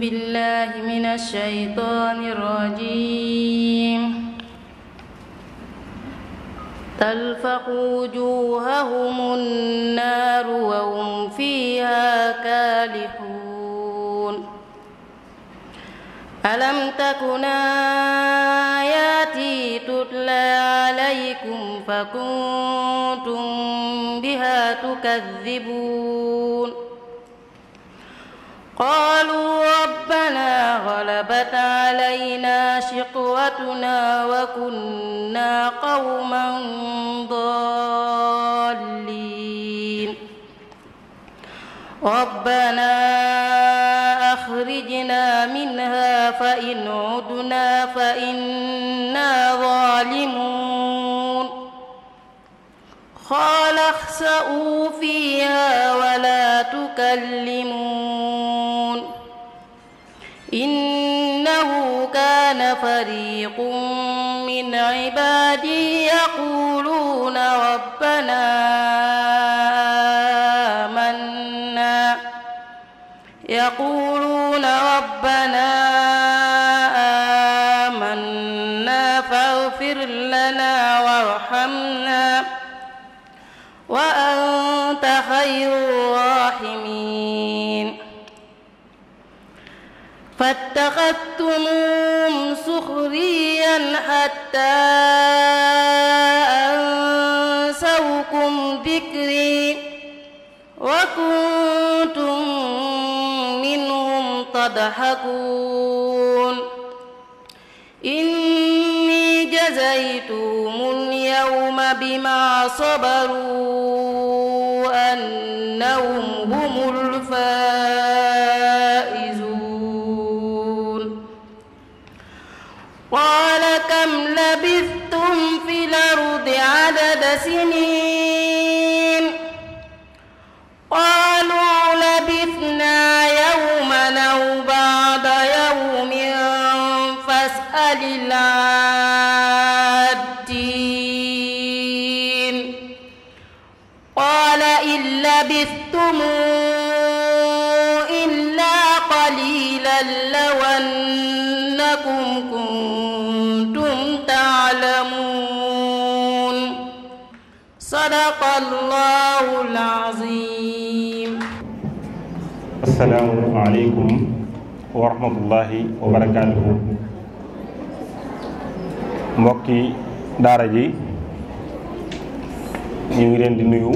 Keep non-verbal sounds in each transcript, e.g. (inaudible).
بالله من الشيطان الرجيم تلفق وجوههم النار وهم فيها كالحون ألم تكن آياتي تتلى عليكم فكنتم بها تكذبون قالوا ربنا غلبت علينا شقوتنا وكنا قوما ضالين ربنا أخرجنا منها فإن عدنا فإنا ظالمون قال اخسأوا فيها ولا تكلمون إنه كان فريق من عبادي يقولون ربنا آمنا يقولون اتخذتموهم سخريا حتى أنسوكم ذكري وكنتم منهم تضحكون إني جزيتهم اليوم بما صبروا أنهم هم الفاسقون قال كم لبثتم في الأرض عدد سنين قالوا لبثنا يوما أو بعض يوم فاسأل الله sadaqallahul azim assalaamu aleykum wa wa barakaatuhu mbokki daara ji ñu ngi leen di nuyu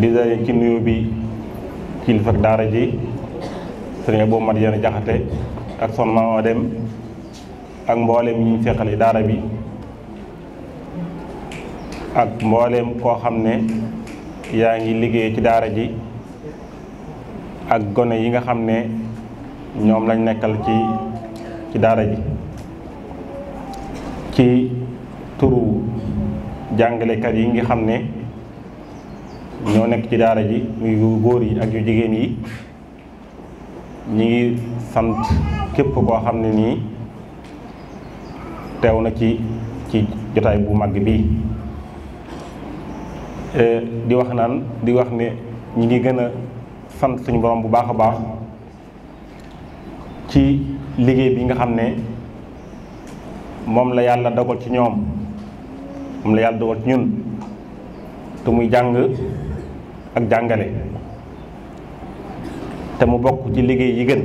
di daje ci nuyu bi kilifa daara ji sëriñ boobu mat yéen jaxate ak son maama dem ak mboolem ñi ñu daara bi ak mbooleem koo xam ne yaa ngi liggéey ci daara ji ak gone yi nga xam ne ñoom lañ nekkal ci ci daara ji ci turu jàngalekat yi nga xam ne ñoo nekk ci daara ji muy góor yi ak yu jigéen yi ñu ngi sant képp koo xam ne nii teew na ci ci jotaay bu mag bii Euh, di wax naan di wax ne ñi ngi gën a sant suñu borom bu baax a baax ci liggéey bi nga xam ne moom la yàlla dogal ci ñoom moom la yàlla dogal ci ñun te muy jàng ak jàngale te mu bokk ci liggéey yi gën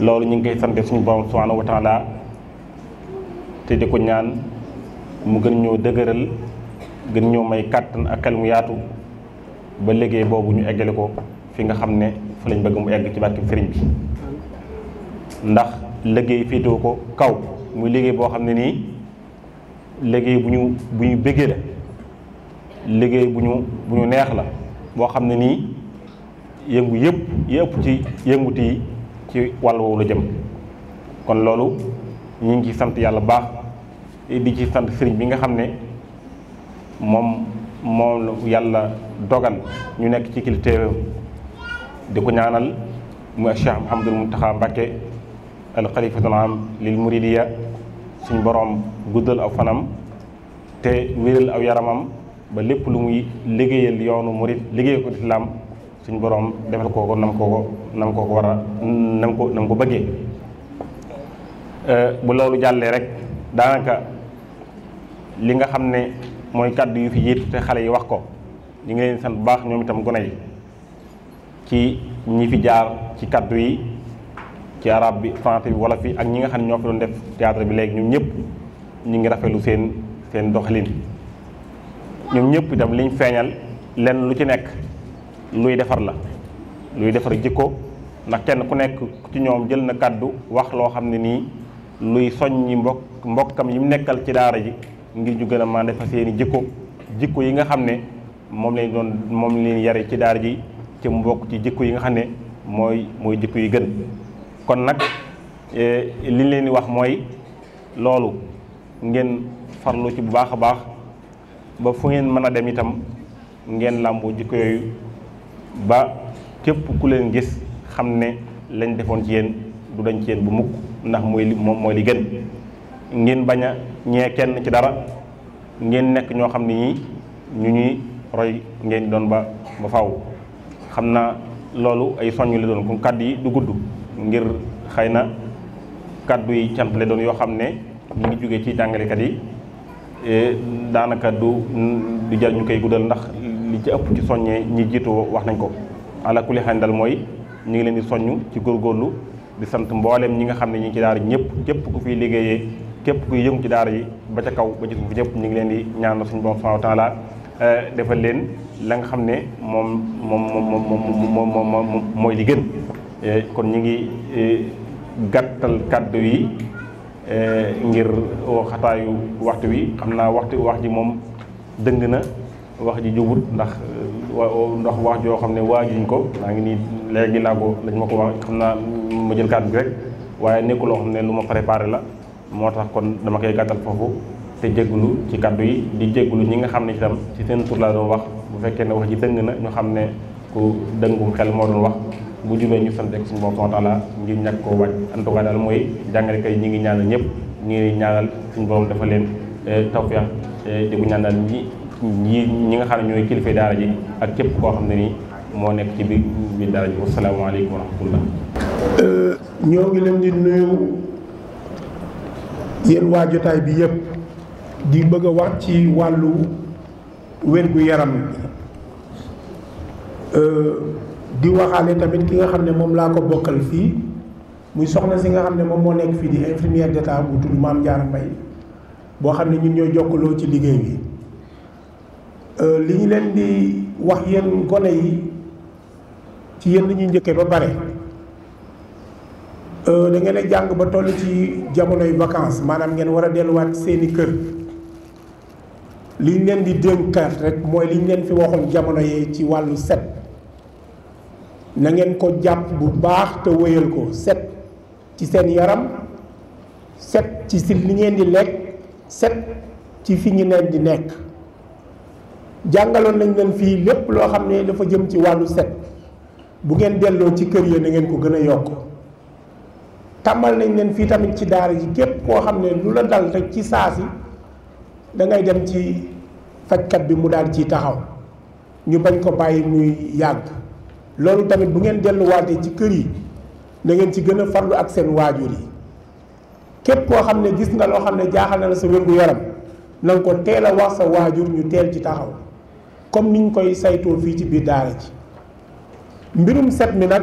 loolu ñu ngi koy sante suñu borom subhanahu wa taala te di ko ñaan mu gën ñoo dëgëral gën ñoo may kàttan ak xel mu yaatu ba liggéey boobu ñu eggale ko fi nga xam ne fa lañ bëgg mu egg ci barkeb sëriñ bi ndax liggéey féetoo ko kaw muy liggéey boo xam ne nii liggéey bu ñu bu ñu la liggéey bu ñu bu ñu neex la boo xam ne nii yëngu yëpp yëpp ci yënguti yi ci wàll woowu la jëm kon loolu ñu ngi ci sant yàlla baax di ci sant sëriñ bi nga xam ne moom moom yàlla dogal ñu nekk ci kilifteefam di ko ñaanal mu Cheikh Mouhamadul Mountakha Mbacké al xalifatul am lil muridiya suñ boroom guddal aw fanam te wéral aw yaramam ba lépp lu muy liggéeyal yoonu murid liggéeyal ko lislaam suñ boroom defal ko ko nam ko nam ko ko a nam ko nam ko bëggee euh, bu loolu jàllee rek daanaka li nga xam ne mooy kàddu yi fi jiitu te xale yi wax ko ñi ngi leen sant bu baax ñoom itam gone yi ci ñi fi jaar ci kàddu yi ci arab bi français bi wolof bi ak ñi nga xam ne ñoo fi doon def théâtre bi léegi ñoom ñëpp ñu ngi lu seen seen doxalin ñoom ñëpp itam liñ feeñal lenn lu ci nekk luy defar la luy defar jikko ndax kenn ku nekk ci ñoom jël na kàddu wax loo xam ne nii luy soññi mbokk mbokkam yi mu nekkal ci daara ji ngir ñu gën a mën a defar i jikko jikko yi nga xam ne moom lañ doon moom leen yare ci daar ji ci mu bokk ci jikko yi nga xam ne mooy mooy jikko yi gën kon nag e, li leen di wax mooy loolu ngeen farlu ci bu baax a baax ba fu ngeen mën a dem itam ngeen làmboo jikko yooyu ba képp ku leen gis xam ne lañ defoon ci yéen du dañ ci yéen bu mukk ndax mooy li moom mooy li gën ngeen bañ a ñee kenn ci dara ngeen nekk ñoo xam ne ñi ñu ñuy roy ngeen doon ba ba faw xam na loolu ay soññ la doon comme kàdd yi du gudd ngir xëy na kàddu yi cant la doon yoo xam ne ñu ngi jógee ci jàngalekat yi e, daanaka du du jar ñu koy guddal ndax li ci ëpp ci soññee ñi jiitu wax nañ ko ala kulli xan dal mooy ñu ngi leen di soññ ci góorgóorlu di sant mboolem ñi nga xam ne ñi ci daara ñëpp képp ku fiy liggéeyee képp kuy yëngu ci daara yi ba ca kaw ba ci suuf ñëpp ñu ngi leen di ñaanal suñ borom subhanahu wa taala eh, defal leen la nga xam ne moom moom moom moom moom mooy li gën eh, kon ñu ngi eh, gàttal kàddu yi ngir xataayu waxtu wi xam naa waxtu wax ji moom dëng na wax ji jubut ndax ndax wax joo xam ne waajuñ ko maa ngi nii léegi laa ko lañ ma ko wax xam naa ma jël kàddu bi rek waaye nekkuloo xam ne lu ma préparé la motax kon dama kay gatal fofu te djeglu ci kaddu yi di djeglu ñi nga xamne ne itam ci seen tour la do wax bu fekke ne wax ji dëng na ñu xamne ku dëngum xel mo doon wax bu jume ñu sante ak suñu borom taala ngir ñak ko wacc en tout cas dal moy jangale kay ñi ngi ñaanal ñep ñi ngi ñaanal suñu borom dafa leen eh, tawfiq eh, di ko ñaanal ñi ñi nga xamne ñoy kilifa dara ji ak kep ko xamne ni mo nek ci bi bi dara ji wasalaamaaleykum wa rahmatullah eh, ñoo ngi leen di nuyu yéen waa jotaay bi yëpp di bëgg a wax ci wàllu wér-gu-yaram euh, di waxaale tamit ki nga xam ne moom laa ko bokkal fii muy soxna si nga xam ne moom moo nekk fii di infirmière d'état bu tudd Maam Jaara boo xam ne ñun ñoo jokkaloo ci liggéey bi euh, li ñu leen di wax yenn gone yi ci yéen la ñuy njëkkee ba pare Eh, da ngay a jàng ba tollu ci yi vacances manam ngeen wara delu wat seeni kër li ngeen di dénkaat rek moy li ngeen fi waxon jamono yi ci walu set na ngeen ko japp bu baax te weyel ko set ci seen yaram set ci si li ngeen di lek, set ci fi ñu di nek jangalon nañ leen fi lepp lo xamne dafa jëm ci walu set bu ngeen delo ci kër ye ya, na ngeen ko gëna yokk tàmbal nañ leen fii tamit ci daara ji képp koo xam ne lu la dal rek ci saa si dangay dem ci fajkat bi mu daal ciy taxaw ñu bañ ko bàyyi muy yàgg loolu tamit bu ngeen delluwaatee ci kër yi na ngeen ci gën a farlu ak seen waajur yi képp koo xam ne gis nga loo xam ne jaaxal na la sa wér-gu-yaram na ko teel a wax sa waajur ñu teel ci taxaw comme niñ koy saytoo fii ci biir daara ji mbirum set mi nag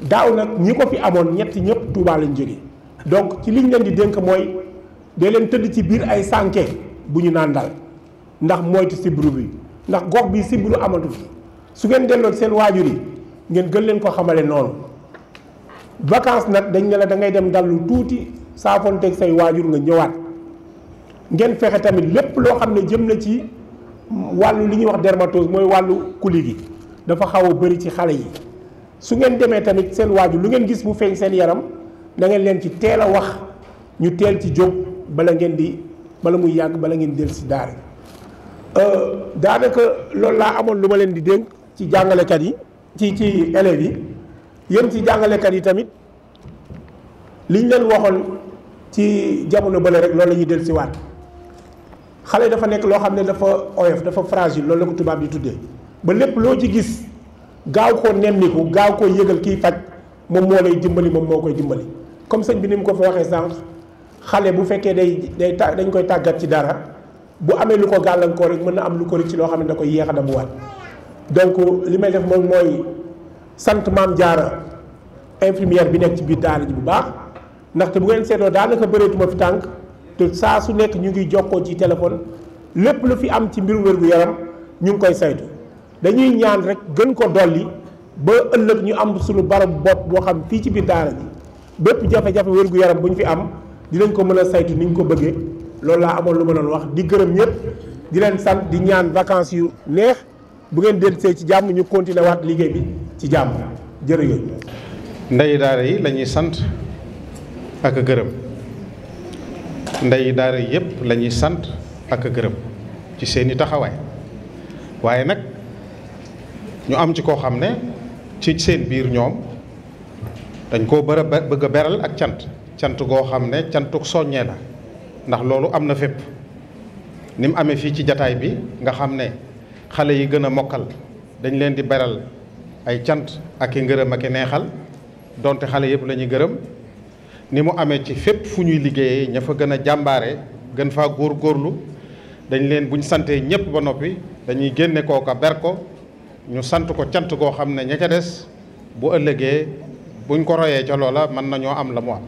daaw nag ñi ko fi amoon ñett ñëpp Touba lañ donc ci liñ leen di dénk mooy dee leen tëdd ci biir ay sànke bu ñu naan dal ndax moytu sibbiru bi ndax gox bi sibbiru amatu fi su ngeen delloo seen waajur yi ngeen gën leen ko xamale noonu vacances nag dañ la da ngay dem dallu tuuti saafonteeg say waajur nga ñëwaat ngeen fexe tamit lépp loo xam ne jëm na ci wàllu li ñuy wax dermatose mooy wàllu kuli gi dafa xaw a bëri ci xale yi su ngeen demee tamit seen waajur lu ngeen gis mu feeñ seen yaram na ngeen leen ci teel a wax ñu teel ci jóg bala ngeen di bala muy yàgg bala ngeen del si daara euh, daanaka loolu laa amoon lu ma leen di dénk ci jàngalekat yi ci ci élèves yi yéen ci jàngalekat yi tamit liñ leen waxoon ci jamono bële rek loolu la ñuy del si waat xale dafa nekk loo xam ne dafa oyof dafa fragile loolu la ko tubaab di tuddee ba lépp loo ci gis gaaw koo nemmiku gaaw koo yëgal kiy faj moom moo lay dimbali moom moo koy dimbali comme sëñ bi ni mu ko fa waxee sànq xale bu fekkee day day ta dañ koy tàggat ci dara bu amee lu ko gàllankoor rek mën na am lu ko rëcc loo xam ne da koy yéex a damuwaat donc li may def moom mooy sant maam jaara infirmière bi nekk ci biir daara ji bu baax ndaxte bu ngeen seetloo daanaka bëreetuma fi tànk te saa su nekk ñu ngi jokkoo ci téléphone lépp lu fi am ci mbiru wér-gu-yaram ñu ngi koy saytu dañuy ñaan rek gën ko dolli ba ëllëg ñu am suñu barabu bopp boo xam fii ci biir daara ji bépp jafe-jafe wér-gu-yaram bu ñu fi am dinañ ko mën a saytu ni ñu ko bëggee lool laa amoon lu ma doon wax di gërëm ñëpp di leen sant di ñaan vacances yu neex bu ngeen dellusee ci jàmm ñu continuer waat liggéey bi ci jàmm jërëjëf. ndeyu daara yi lañuy sant ak a gërëm ndeyu daara yëpp lañuy sant ak a gërëm ci seeni taxawaay waaye nag. ñu am ci koo xam ne ci seen biir ñoom dañ koo bëra bëgg a beral ak cant cant goo xam ne cantuk soññee la ndax loolu am na fépp ni mu amee fii ci jataay bi nga xam ne xale yi gën a mokkal dañ leen di beral ay cant ak i ngërëm ak i neexal donte xale yëpp lañuy ñuy gërëm ni mu amee ci fépp fu ñuy liggéeyee ña fa gën a jàmbaare gën faa góor góorlu dañ leen buñ santee ñëpp ba noppi dañuy génne kooka ber ko ñu sant ko cant goo xam ne ña ca des bu ëllëgee buñ ko royee ca loola mën nañoo am la mu am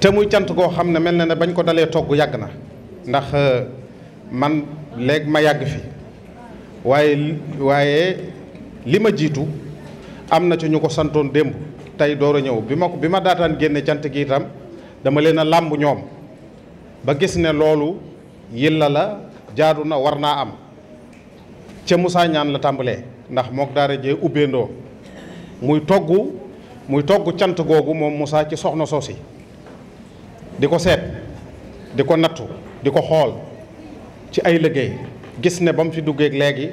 te muy cant goo xam ne mel na ne bañ ko dalee togg yàgg na ndax euh, man léegi ma yàgg fi waaye waaye li ma jiitu am na ca ñu ko santoon démb tey door a ñëw bi ma ko bi ma daataan génne cant gi itam dama leen a làmb ñoom ba gis ne loolu yilla la jaadu na war naa am ca Moussa ñaan la tàmbalee ndax mook daara jee ubbeendoo muy togg muy togg cant googu moom Moussa ci soxna soosi di ko seet di ko nattu di ko xool ci ay liggéey gis ne ba mu fi duggeek léegi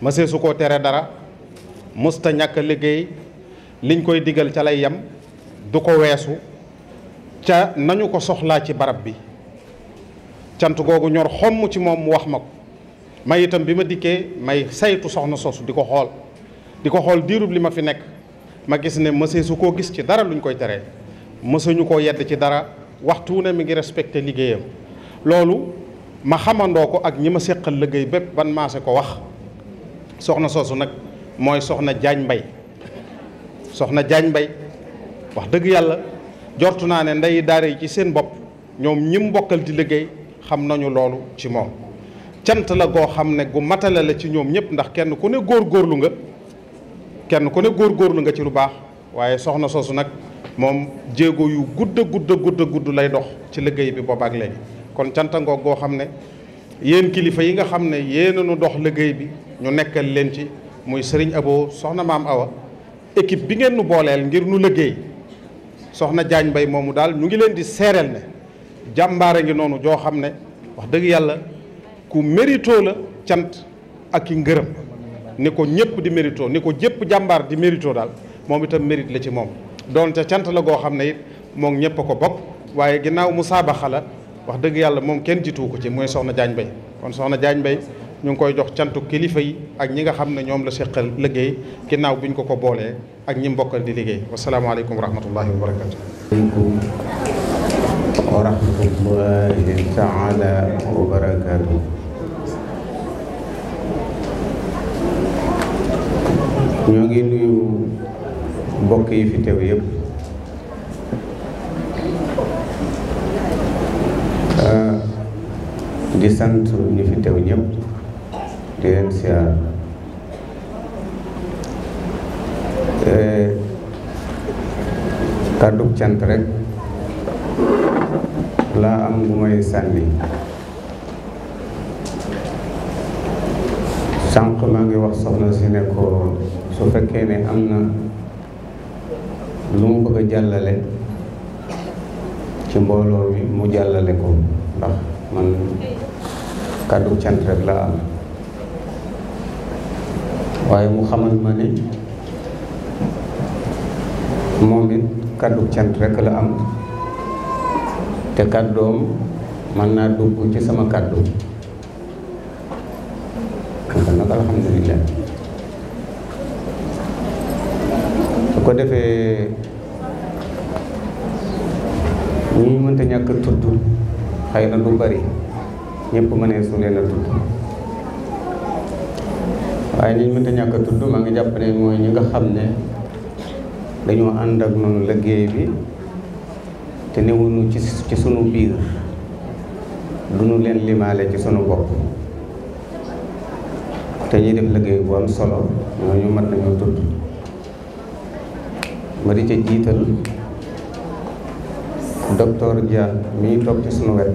ma seesu koo tere dara musta ñàkk liggéey liñ koy digal ca lay yem du ko weesu ca nañu ko soxlaa ci barab bi cant googu ñor xomm ci moom mu wax ma ko may itam bi ma dikkee may saytu soxna soosu di ko xool di ko xool diirub li ma fi nekk ma gis ne mësee su koo gis ci dara luñ koy teree mësuñu koo yedd ci dara waxtu ne mi ngi respecté liggéeyam loolu ma xamandoo ko ak ñi ma séqal liggéey bépp ban maase ko wax soxna soosu nag mooy soxna Jaañ Mbay soxna Jaañ Mbay wax dëgg yàlla jortu naa ne ndey daara yi ci seen bopp ñoom ñi mu di liggéey xam nañu loolu ci moom cant la goo xam ne gu matale la ci ñoom ñëpp ndax kenn ku ne góor góorlu nga kenn ku ne góor góorgóorlu nga ci lu baax waaye soxna soosu nag moom jéego yu gudd a gudd gudd lay dox ci liggéey bi boobaak léegi kon cantangoog goo xam ne yéen kilifa yi nga xam ne yéen nu dox liggéey bi ñu nekkal leen ci muy sëriñ Abo soxna maam Awa équipe bi ngeen nu booleel ngir nu liggéey soxna Jaañ Mbay moomu daal ñu ngi leen di seereel ne jàmbaare ngi noonu joo xam ne wax dëgg yàlla ku mérito la cant ak ki ngërëm ni ko ñëpp di mérito ni ko jëpp jàmbaar di mérito daal moom itam mérite la ci moom doonte cant la goo xam ne it moom ñëpp ko bokk waaye ginnaaw mu saabaxa la wax dëgg yàlla moom kenn jiitu ko ci mooy soxna jaañ Mbaye kon soxna jaañ Mbaye ñu ngi koy jox cantu kilifa yi ak ñi nga xam ne ñoom la seqal liggéey ginnaaw bi ñu ko ko boolee ak ñi mbokkal di liggéey wasalaamaaleykum wa rahmatullahi wa barakatu aleykum wa rahmatullahi ñoo ngi nuyu mbokk yi fi tew yëpp di sant ñu fi tew ñëpp di leen siyaar kàddu cant rek laa am bu may sànni sànq maa ngi wax soxna si ne ko su fekkee ne am na lu mu bëgg a jàllale ci mbooloo mi mu jàllale ko ndax man kàddu cant rek laa am waaye mu xamal ma ne moom it kàddu cant rek la am te kàddoom mën naa dugg ci sama kàddu. kon nag alhamdulilah. defee ñi mënta ñàkk tudd xëy na lu bari ñëpp mënee su leen a tudd waaye ñi mënta ñàkk a tudd maa ngi jàpp ne ñi nga xam ne dañoo ak noonu liggéey bi te newuñu ci ci sunu biir duñu leen limaale ci sunu bopp te ñuy def liggéey bu am solo ñooñu mën nañoo tudd ma di ca jiital docteur Dia mii toog ci sunu wet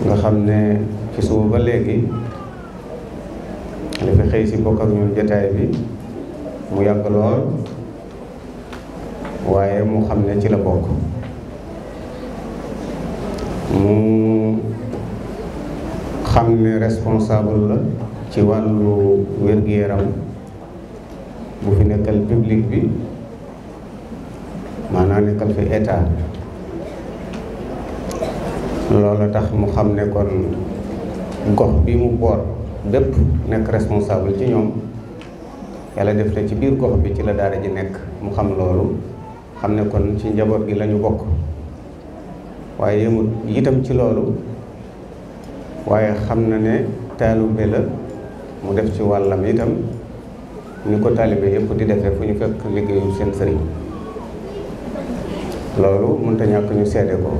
nga xam ne ci suba ba léegi dafa xëy si bokk ak ñun jataay bi mu yàgg lool waaye mu xam ne ci la bokk mu xam ne responsable la ci wàllu wér-gu-yaram bu fi nekkal public bi maanaam nekkal fi état loolu tax mu xam ne kon gox bi mu boor bépp nekk responsable ci ñoom yàlla def na ci biir gox bi ci la daara ji nekk mu xam loolu xam ne kon ci njaboot gi lañu bokk waaye yëmut itam ci loolu waaye xam na ne taalube la mu def ci wàllam itam ni ko talibé yépp di défé fu ñu fekk liggéeyu seen sëriñ loolu mënta ñàkk ñu seede ko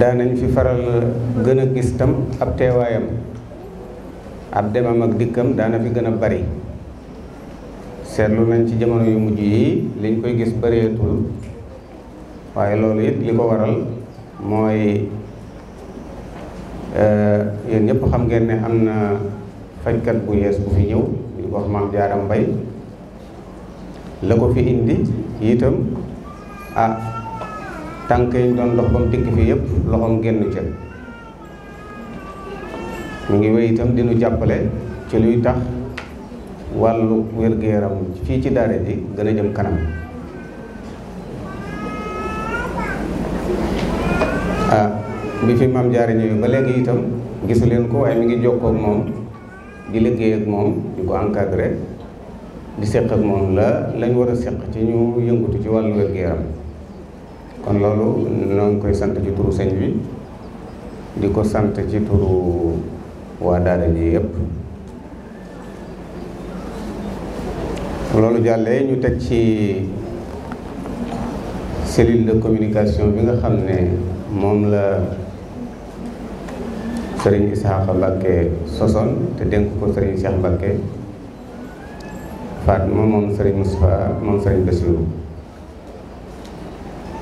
daanañ fi faral gën a gis tam ab teewaayam ab demam ak dikkam daana fi gën a bari seetlu nañ ci jamono yu mujj yi liñ koy gis bareetul waaye loolu it li ko waral mooy eh, yéen ya, ñëpp xam ngeen ne am na fajkat bu yees bu fi ñëw di ko wax maam jaaram mbay la ko fi indi itam ah tànk yi doon dox ba mu fii yëpp loxoom génn ca mu ngi wéy itam dinu jàppale ci luy tax wàllu wér-gu-yaram fii ci daara ji gën a jëm kanam ah bi fi maam jaare ba léegi itam gisu ko waaye mi ngi jokkoo moom di liggéey ak moom di ko encadré di seq ak moom la lañ war a seq ci ñu yëngatu ci wàllu wér-gu-yaram kon loolu noo ngi koy sant ci turu sëñ bi di ko sant ci turu waa daara yi yëpp loolu jàllee ñu teg ci cellule de communication bi nga xam ne moom la isa ha mbake soson te denk nah, ko sëriñ Cheikh Mbàkke Fatma mom sëriñ Moustapha mom sëriñ Bassirou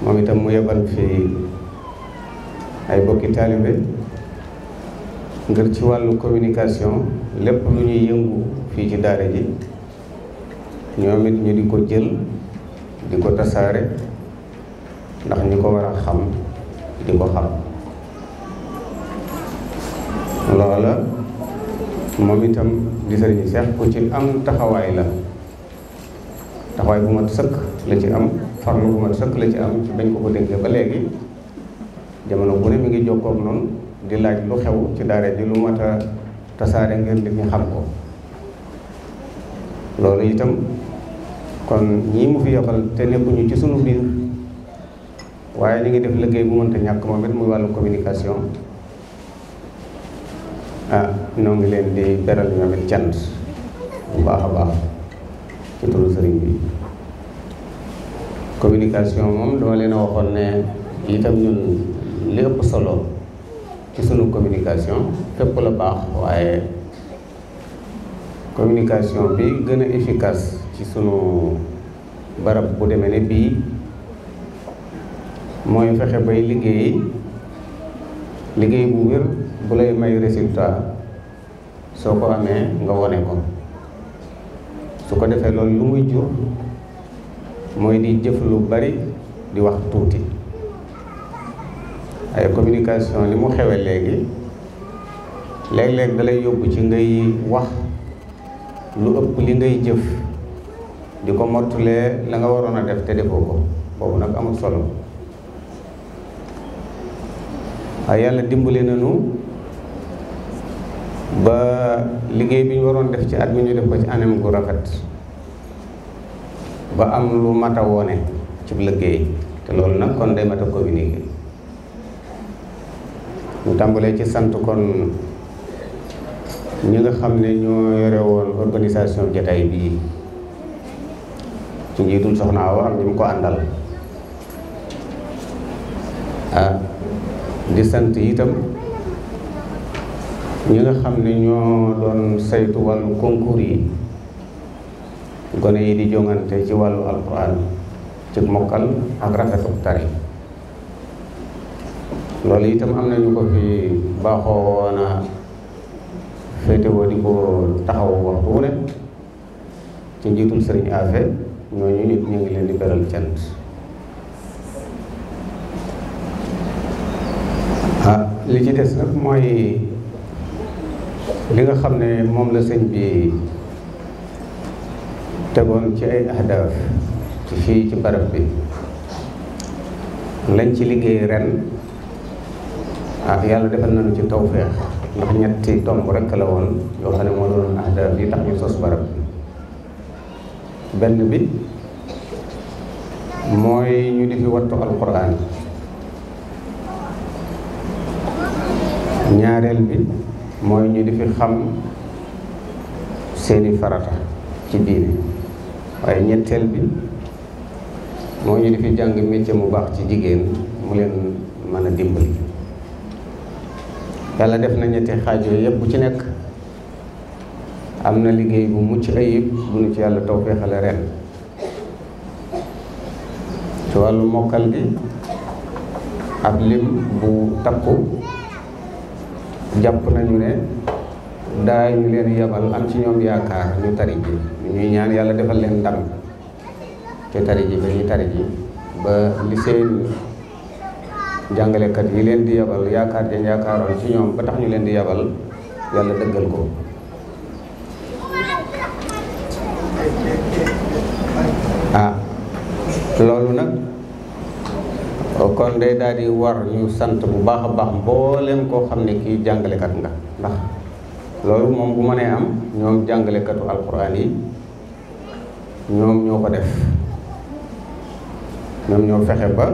mom itam mu yebal fi ay bokki talibé ngir ci walu communication lepp lu ñuy yëngu fi ci daara ji ñoom it ñu di ko jël di ko sare, ndax ñu ko war xam di ko xam loola moom itam di sëriñ seex ku ci am taxawaay la taxawaay bu mat sëkk la ci am farlu bu mat sëkk la ci am ci bañ ko ko dénkee ba léegi jamono bu ne mi ngi jokkoog noonu di laaj lu xew ci daara ji lu mat tasaare ngir nit ñi xam ko loolu itam kon ñii mu fi yokkal te nekkuñu ci sunu biir waaye ñu ngi def liggéey bu mënta ñàkk moom it muy wàllu communication ah noo ngi leen di beral ñoom it bu baax a baax ci turu sëriñ bi communication moom dama leen a waxoon ne itam ñun li ëpp solo ci sunu communication fépp la baax waaye communication bi gën a efficace ci sunu barab bu demee ne bii mooy fexe bay liggéey liggéey bu wér bu lay may résultat soo ko amee nga wone ko su ko defee loolu lu muy jur mooy di jëf lu bari di wax tuuti ay communication li mu xewe léegi léeg-léeg dalay yóbbu ci ngay wax lu ëpp li ngay jëf di ko mottulee la nga waroon a def te defoo ko boobu nag amul solo waaye yàlla dimbali nañu ba liggey biñu waron def ci at mi ñu def ko ci anam gu rafet ba am lu mata woné wone ci liggey té lool nak kon day mata ko wini ñu tambalé ci sant kon ñi nga xamné ño yoré won organisation jotaay bi ci njiitul soxna Awa ak ko andal ah di sant itam ñi nga xam ne ñoo doon saytu wàllu concours gone yi di jongante ci wàllu alquran ci mokkal ak rafetu tari loolu itam am ñu ko fi baaxoo woon a féetewoo di ko taxaw waxtu wu ne ci njiitum sëriñ Afe ñooñu nit ñu ngi leen di beral cent ah li ci des nag mooy li nga xam ne moom la sëñ bi tegoon ci ay ahdaaf ci fii ci barab bi lañ ci liggéey ren ah yàlla defal nañu ci tawféex ndax ñetti tomb rekk la woon yoo xam ne moo doon ahdaaf yi tax ñu sos barab bi benn bi mooy ñu di fi wattu alquran ñaareel bi moy ñu di xam seeni farata ci diine waye ñettel bi moy ñu di jang jàng métier mu bax ci jigen mu leen mëna dimbali yalla def na ñetti xajjo yeb bu ci nek amna liggey bu mucc ayib bu ñu ci yàlla tawféexale ren ci walu mokal gi bu takku jàpp nañu ne daa ñu leen yabal am ci ñoom yaakaar ñu tari ji ñuy ñaan yàlla defal leen ndam ci tari ji ba ñuy tari ji ba li seen jàngalekat yi leen di yabal yaakaar jan yaakaaroon ci ñoom ba tax ñu leen di yabal yàlla dëggal ko ah loolu nag kon day daal war ñu sant bu baax a baax mbooleem koo xam ne kii jàngalekat nga ndax loolu moom bu mënee am ñoom jàngalekatu alxuraan yi ñoom ñoo ko def ñoom ñoo fexe ba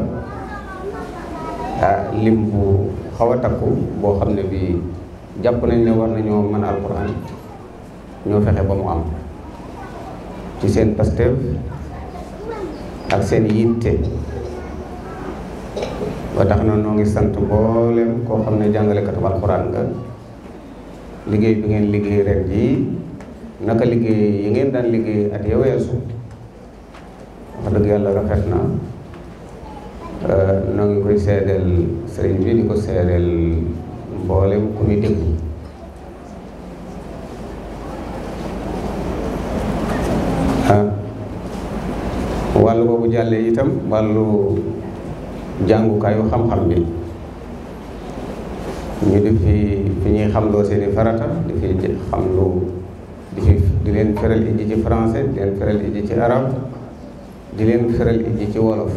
lim bu xaw a takku boo xam ne bii jàpp nañ ne war nañoo mën alxuraan ñoo fexe ba mu am ci seen pasteef ak seen yitte. ko tax kan. na no ngi sant bolem ko xamne jangale kat pingin nga liggey bi ngeen liggey rek jii naka liggey yi ngeen dan liggey at ya weesu wax deug yalla rafet na noo ngi koy sédel sëriñ bi diko sédel ku walu bobu jalle itam walu jàngukaayu xam-xam bi ñu di fi fi ñuy xam loo seeni farata di fi xam lu di fi di leen feral iji ci français di leen feral iji ci arab di leen feral iji ci wolof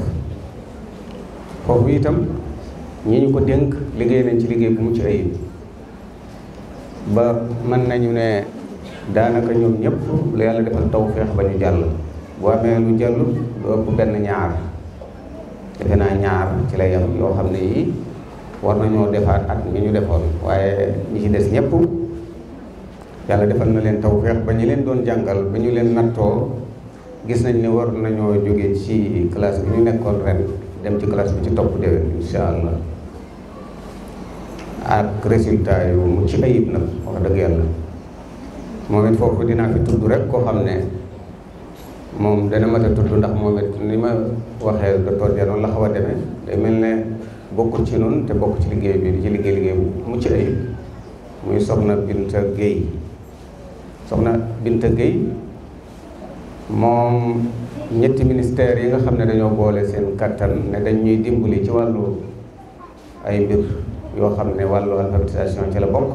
foofu itam ñi ñu ko dénk liggéey nañ ci liggéey bu mucc ayib ba mën nañu ne daanaka ñoom ñëpp lu yàlla defal tawfeex ba ñu jàll bu amee lu jàll lu ëpp benn ñaar defe ñaar ci lay yam yo xam yi war nañu defaat ak mi ñu defoon waye ñi ci dess ñepp yalla defal na leen tawféex ba ñi leen doon jangal ba ñu leen natto gis nañ ni war nañu joge ci classe bi ñu nekkoon ren dem ci classe bi ci top déwén inshallah ak resultat yu mu ci ayib na wax deug yalla moom it foofu dinaa fi tuddu rek ko xamne ne dana mata tuddu ndax moom ni ma waxee docteur Dia noonu la xaw a demee day mel ne bokkul ci noonu te bokk ci liggéey bi ci liggéey liggéey bu mucc ayib muy Soxna Binta Guèye Soxna Binta Guèye moom ñetti ministère yi nga xam ne dañoo boole seen kattan ne dañ ñuy dimbali ci wàllu ay mbir yoo xam ne wàllu alphabétisation ci la bokk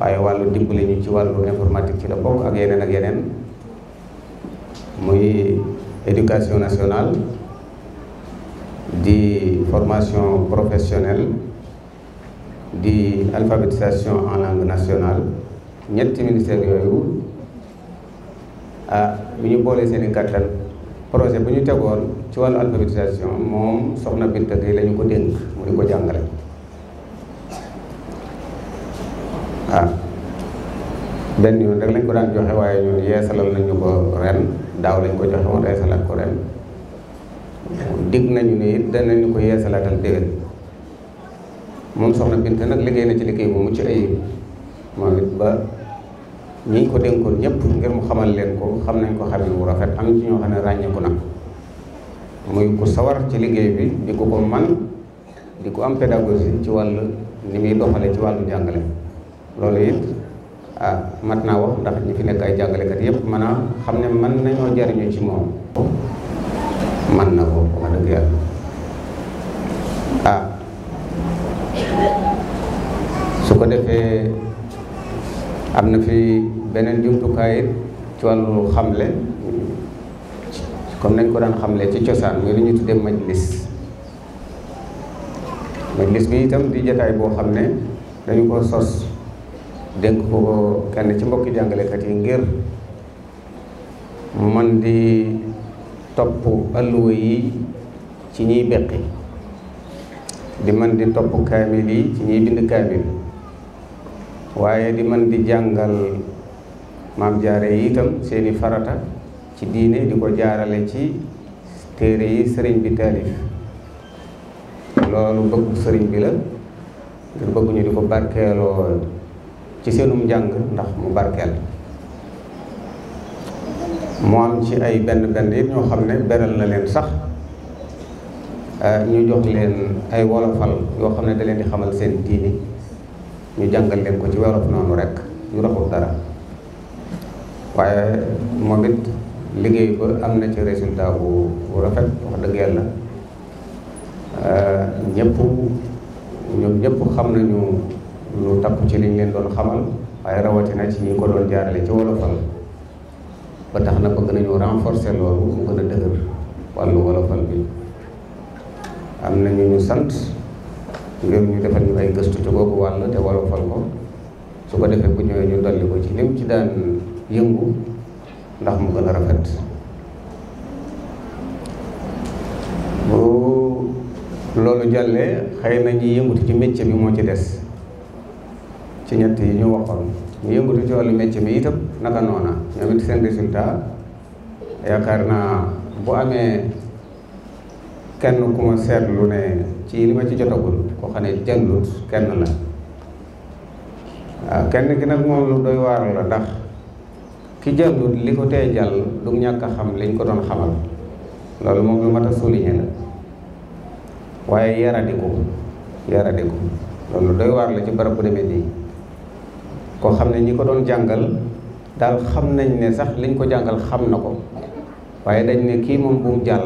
waaye wàllu dimbali ñu ci wàllu informatique ci la bokk ak yeneen ak yeneen muy. éducation nationale di formation professionnelle di alphabétisation en langue nationale ñetti ministère yooyu ah bu ñu boolee seeni kàttan projet bu ñu tegoon ci wàllu alphabétisation moom soxna Binta Gueye la ñu ko dénk mu di ko jàngale ah benn yoon rek lañ ko daan joxe waaye ñun yeesalal nañu ko ren daaw lañ ko joxe woon yeesalaat ko ren dig nañu ne it danañu ko yeesalaatal déwén moom soxna Binta nag liggéey na ci liggéey bu mucc ayib moom it ba ñi ko dénkoon ñëpp ngir mu xamal leen ko xam nañ ko xamin wu rafet am ci ñoo xam ne ràññeeku na muy ku sawar ci liggéey bi di ko ko man di ko am pédagogie ci wàll ni muy doxale ci wàllu jàngale loolu it ah mat naa wax ndax ñi fi nekk ay jàngalekat yëpp mën a xam ne man nañoo jariñu ci moom man na ko wax ah, am na fi beneen jumtukaay it xamle comme nañ ko daan xamle ci cosaan muy lu ñu tuddee majlis majlis bi itam di jataay boo xam ne dañu ko sos Dengko ko kenn ci jangale kat yi ngir man di top alluwa yi ci ñi bekk di man di top kamil yi ci ñi bind kamil waye di man di jangal mam jaare yi tam seeni farata ci diine di ko jaarale ci téré yi sëriñ bi talif loolu bëgg sëriñ bi la ngir di ko ci seenum jang ndax mu barkel mo am ci ay benn benn yi ñoo xamne beral na leen sax eh, ñu jox leen ay wolofal yo xamne da leen di xamal seen diini ñu jangal leen ko ci wolof nonu rek ñu raxul dara waye moom it ba amna na ci resultat bu rafet wax yalla euh ñepp ñoom ñepp xam ñu takku ci liñ leen doon xamal waaye rawatina ci ñu ko doon jaarale ci wolofal ba tax na bëgg nañu renforcer loolu mu gën a dëgër wàllu wolofal bi am na ñu ñu sant ngir ñu defal ñu ay gëstu ci googu wàll te wolofal ko su ko defee bu ñëwee ñu dolli ko ci lim ci daan yëngu ndax mu gën a rafet bu loolu jàllee xëy na ñi yëngutu ci métier bi moo ci des ci ñett yi ñu waxoon ñu yëngatu ci wàllu métier mi itam naka noona ñoom it seen résultat yaakaar naa bu amee kenn ku ma seetlu ne ci li ma ci jotagul koo xam ne jàllut kenn la waaw kenn ki nag moom lu doy waar la ndax ki jàllut li ko tee jàll du ñàkk a xam liñ ko doon xamal loolu moom lu mat a souligner la waaye yaradiku yaradiku loolu doy waar la ci barab bu demee nii koo xam ne ñi ko doon jàngal daal xam nañ ne sax liñ ko jàngal xam na ko waaye dañ ne kii moom bu mu jàll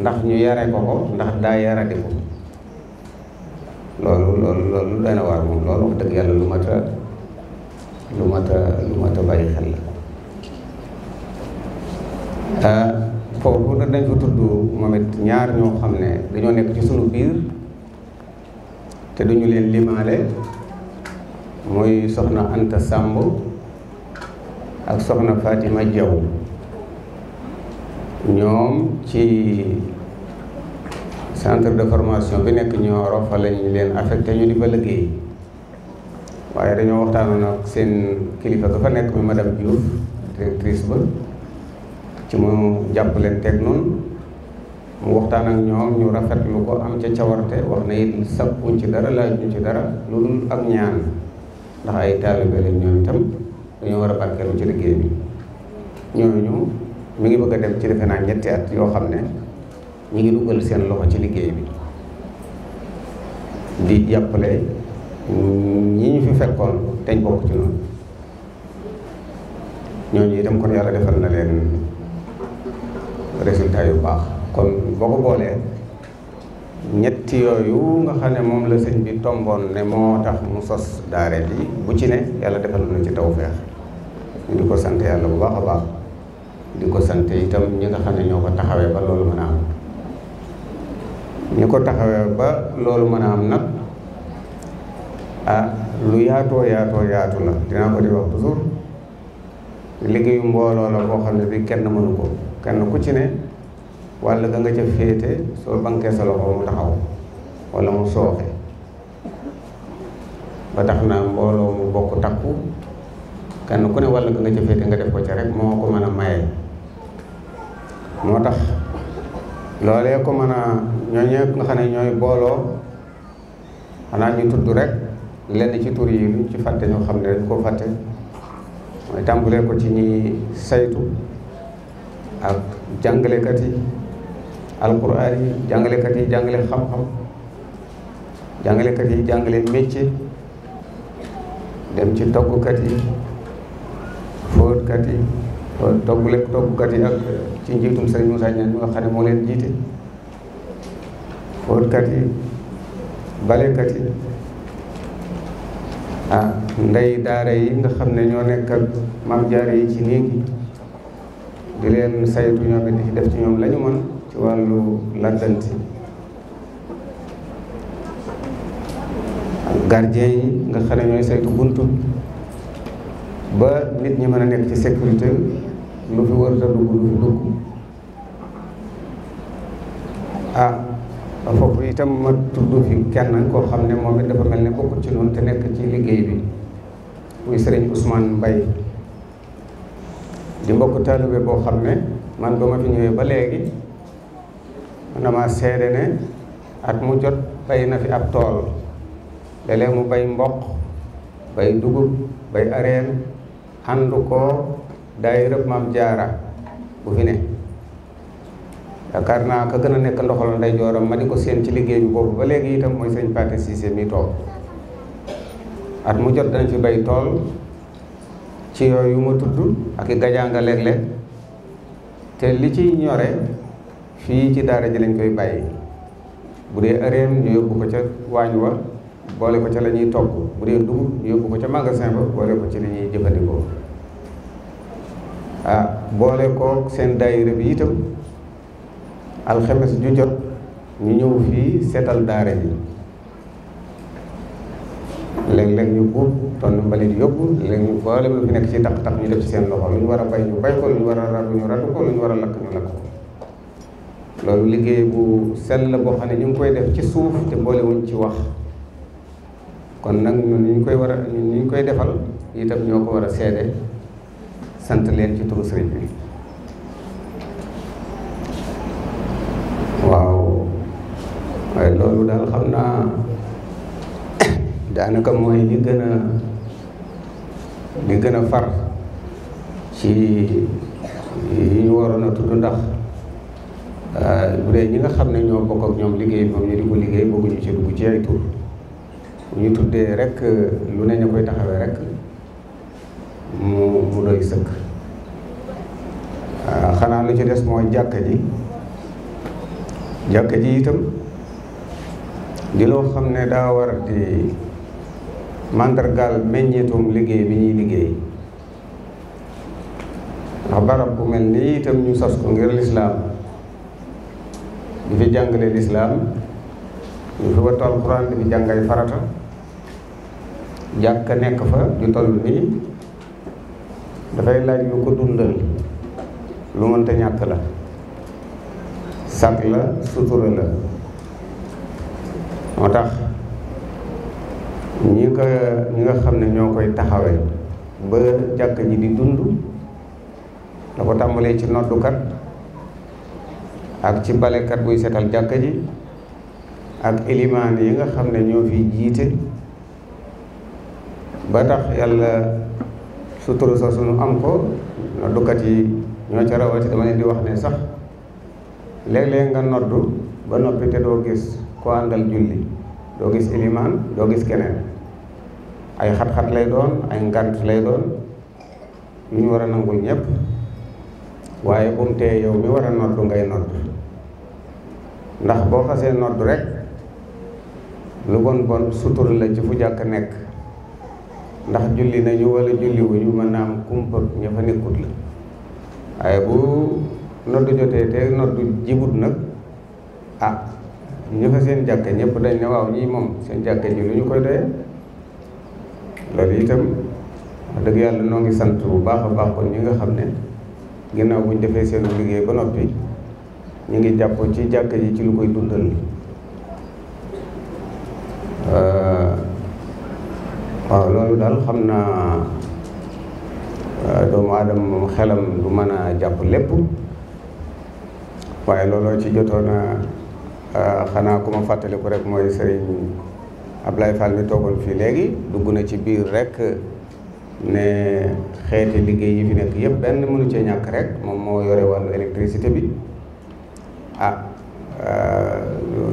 ndax ñu yare ko ko ndax daa yaradi ko loolu loolu loolu doy na waar moom loolu wax dëgg yàlla lu mat a lu mat lu mat a bàyyi xel la ah, foofu nag dañ ko tudd moom it ñaar ñoo xam ne dañoo nekk ci sunu biir te duñu leen limaale mooy soxna Anta Samb ak soxna Fatima Diaw ñoom ci centre de formation bi nekk Nioro fa lañ leen affecté ñu di fa liggéey waaye dañoo waxtaanoon ak seen kilifa ga fa nekk mi madame Diouf directrice ba ci mu jàpp leen teg mu waxtaan ak ñoom ñu rafetlu ko am ca cawarte wax na it sakkuñ ci dara laaj ñu ci dara lu dul ak ñaan ndax ay taalibe lañ ñoom itam dañoo war a barkeelu ci liggéey bi ñooñu mu ngi bëgg a dem ci defe naa ñetti at yoo xam ne ñu ngi dugal seen loxo ci liggéey bi di jàppale ñi ñu fi fekkoon dañ bokk ci noonu ñooñu itam kon yàlla defal na leen résultat yu baax kon boo ko boolee ñetti yooyu nga xam ne moom la sëñ bi tomboon ne moo tax mu sos daara ji bu ci ne yàlla defal na ci tawfeex ñu di ko sant yàlla bu baax a baax di ko sant itam ñi nga xam ne ñoo ko taxawee ba loolu mën a am ko taxawee ba loolu mën a am nag ah lu yaatoo yaatoo yaatu la dinaa ko di wax toujours liggéeyu mbooloo la boo xam ne bi kenn mënu ko kenn ku ci ne walla ga nga ca féete soo bankee sa loxo mu taxaw walla mu sooxe ba tax na mbooloo mu bokk takku kenn ku ne walla ga nga ca féete nga def ko ca rek moo ko mën a maye moo tax loolee ko mën a ñooñee nga xam ne ñooy booloo xanaa ñu tudd rek lenn ci tur yi luñ ci fàtte ñoo xam ne dañ koo fàtte mooy tàmbulee ko ci ñi saytu ak jàngalekat yi alquran yi jàngalekat yi jàngale xam-xam jàngalekat yi jàngale métier dem ci toggkat yi fóotkat yi toggule toggkat yi ak ci njiitum Sëriñ Moussa Niane ñu nga xam ne moo leen jiite fóotkat yi balekat yi ah ndey daara yi nga xam ne ñoo nekk ak maam jaare yi ci néeg yi di leen saytu ñoom it di def ci ñoom lañu mën wàllu làddanti ak gardien yi nga xam ne saytu buntu ba nit ñi mën a nekk ci sécurité lu fi war a dugg lu fi dugg ah foofu itam ma tudd fi kenn koo xam ne moom it dafa mel ne bokkut ci noonu te nekk ci liggéey bi muy sëriñ Ousmane Mbaye di mbokk taalibe boo xam ne man ba ma fi ñëwee ba léegi dama seede ne at mu jot bay na fi ab tool léeg mu bay mboq bay dugub bay areen ànd ko daay rëb maam jaara bu fi ne yaakaar naa ka gën a nekk ndoxal nday jooram ma di ko seen ci liggéey boobu ba léegi itam mooy sëñ Paate Siise mi tool at mu jot dañ fi bay tool ci yooyu ma tudd ak i gajaanga léeg-léeg te li ciy ñore fi ci daara ji lañ koy bayyi bu dee arène ñu yóbbu ko ca waañ wa boole ko ca la ñuy togg bu dee dugub ñu yóbbu ko ca magasin ba boole ko ci la ñuy jëfandikoo ah boole ko seen daayira bi itam alxemes ju jot ñu ñëw fii seetal daara ji léeg-léeg ñu buub tonn mbalit yóbbu léeg ñu boole lu fi nekk ci tax tax ñu def ci seen loxo lu ñu war a bay ñu bay ko lu ñu war a rab ñu rab ko lu ñu war a lakk ñu lakk ko loolu liggéey bu sell la boo xam ne ñu ngi koy def ci suuf te mboolewuñ ci wax kon nag ñun ñu koy war a ñun ñu koy defal itam ñoo ko war a seede sant leen ci turu sëriñ bi waaw waaye loolu daal xam naa (coughs) daanaka mooy li gën a li gën a far ci yi ñu waroon a tudd ndax Euh, bu dee ñi nga xam ne ñoo bokk ak ñoom liggéey moom ñu di ko liggéey bëgguñu ci dugg ci ay tur bu ñu tuddee rek euh, lu ne ñu koy taxawee rek mu mu doy sëkk euh, xanaa lu ci des mooy jàkka ji jàkka ji itam di loo xam ne daa war di màndargaal meññeetum liggéey bi ñuy liggéey ndax barab bu mel ni itam ñu sas ko ngir lislaam di fi jàngale lislaam ñu fi wattu alxuraan di fi jàngale farata jàkk nekk fa ju toll nii dafay laaj lu ko dundal lu mënta ñàkk la sag la sutura la moo tax ñi nga ñi nga xam ne ñoo koy taxawee ba jàkk ji di dund la ko tàmbalee ci noddukat ak ci kat buy sétal ak iliman yi nga xamné ne ñoo fi jité ba tax yalla suturu sa sunu am ko noddukat yi ñoo ci rawati dama leen di wax né sax lég lég nga noddu ba noppi té do gis ko andal julli do gis iliman do gis keneen ay xat-xat lay doon ay ngant lay doon ñu wara nangul waye bu mu yow mi wara noddu ngay noddu ndax boo xasee noddu rek lu bon bon sutur la ci fu jàkk nekk ndax julli nañu wala julli wuñu mën naa am kumpa ña fa nekkut la waaye bu noddu jotee te noddu jibut nag ah ñu fa seen jàkk ñëpp dañ ne waaw ñii moom seen jàkk ji lu ñu koy doyee loolu itam wax dëgg yàlla noo ngi sant bu baax a baax kon ñi nga xam ne ginnaaw buñ defee seen liggéey ba noppi ñu ngi jàpp ci jàkk ji ci lu koy dundal euh, waaw loolu daal xam naa euh, doomu aadama moom xelam du mën a jàpp lépp waaye looloo ci jotoona euh, xanaa ku ma fàttaliku rek mooy sëriñ Ablaye Fall mi toogoon fii léegi dugg na ci biir rek ne xeeti liggéey yi fi nekk yëpp benn mënu cee ñàkk rek moom moo yore wàllu électricité bi ah eh,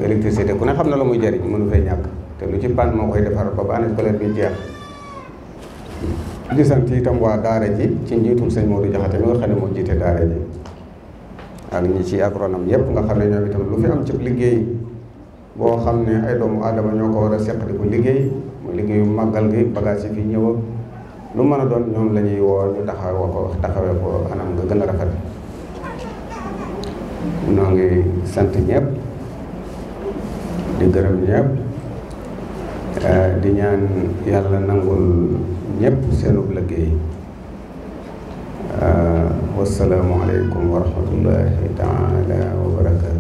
électricité ku ne xamna na muy jariñ mënu fay ñak té lu ci ban mo koy défar ba ba ko leer bi jeex di sant itam wa daara ji ci njiitul señ Modou Jaxate mi nga xam mo jité daara ji ak ñi ci agronome yépp nga xam ñoom itam lu fi am ci liggéey bo xam ay doomu aadama ñoo ko war a di ko liggéey mo liggéey magal gi bagage fi ñëw lu mëna doon ñoom lañuy wo ñu taxaw ko taxawé ko anam nga gëna rafet noo ngi sant ñëpp di gërëm ñëpp eh, di ñaan yàlla nangul ñëpp seenub liggéey eh, wasalaamualeykum wa rahmatullahi taala wa barakaatu